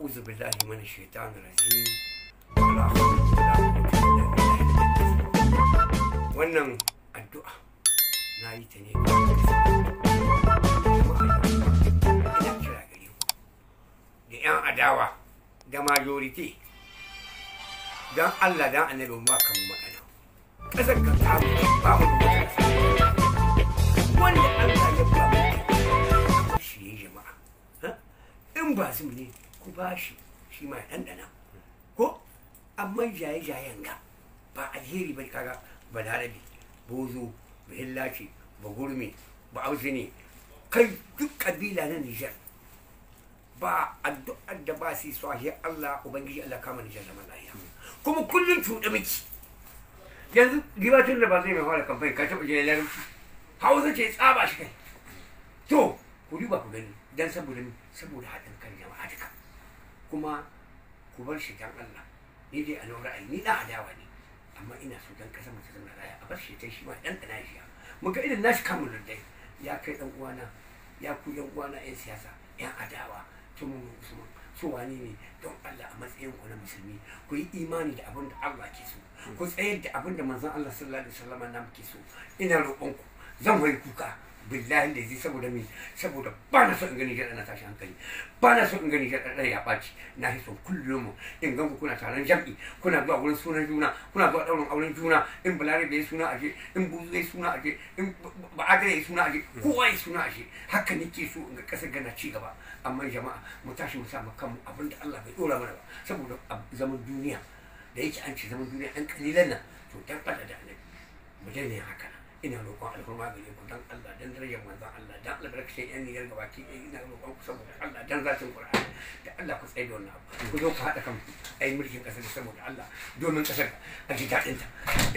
أعوذ بالله من الشيطان الرجيم ولا حول wannan addu'a na yi ta ne ina kira da 'yan adawa da majority don Allah don annabi ba kan magana ƙasar ka ta ba mu wanda Allah ya ba shi jama'a in ba su ne ku ba shi shi ma ɗanɗana ko amma jaye-jayen ga ba alheri ba kaga ba larabi bozo ba hillaci ba gurmi ba auzi ne kai duk kabila na nijar ba addu'ar da ba su yi swahi allah ubangiji allah kama nijar da malaya kuma kullum cuɗe miki yanzu gibatun da ba zai mai fara kamfani ka taɓa jini larabci hausa ce tsaba shi kai to ku duba ku gani dan saboda saboda haɗin kan jama'a duka kuma ku bar shi dan Allah ni dai a nan ra'ayi ni da adawa ne amma ina so dan kasa mu ta zama raya a bar shi ta shi ma dan nashi shi muka irin nashi kamun dai ya kai dan uwana ya ku yan uwana yan siyasa yan adawa tun usman so wani ne don Allah a matsayin ku na musulmi ku yi imani da abin da Allah ke so ku tsayar da abin da manzon Allah sallallahu alaihi wasallam na ke so ina roƙon ku zan wai kuka billahi da zai saboda me saboda ba na so in gani shaɗa na tashi hankali ba na so in gani shaɗa ya ɓaci na fi so kullum in ganku kuna taron jam'i kuna zuwa wurin sunan juna kuna zuwa ɗaurin auren juna in balarabe ya suna aje in buzu ya suna aje in ba a gare suna aje kowa ya suna aje haka nake so in ga ƙasar gana ci gaba amma jama'a mu tashi mu sa kanmu abinda Allah bai ɗora mana ba saboda zaman duniya da yake an ce zaman duniya ɗan ƙalilan nan to tabbata da annabi mu daina haka nan ina roƙon alfarma gare ku dan Allah dan darajar manzon Allah dan albarkacin yan niyyar gabaki ɗaya ina roƙon ku saboda Allah dan zatin Qur'ani da Allah ku tsaye da wannan abu ku zo ku haɗa kan ai mulkin ƙasar saboda Allah domin ƙasar a ji daɗin ta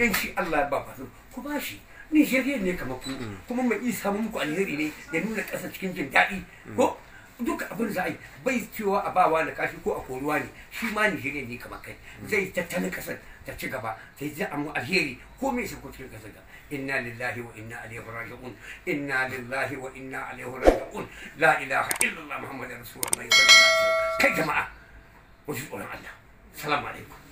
in shi Allah ya ba fasu ku ba shi shirye ne kamar ku mm. kuma mai isa muku alheri ne ya nuna ƙasar cikin jin daɗi ko duka abin za a yi bai cewa a bawa da kashi ko a koruwa ne shi ma nijeriya ne kamar kai zai tattalin kasar ta ci gaba ta ji amu alheri ko me ko cikin kasar ga inna lillahi wa inna alaihi raji'un inna lillahi wa inna alaihi raji'un la ilaha illallah muhammadar rasulullahi sallallahu kai jama'a mu tsoron Allah salamu alaikum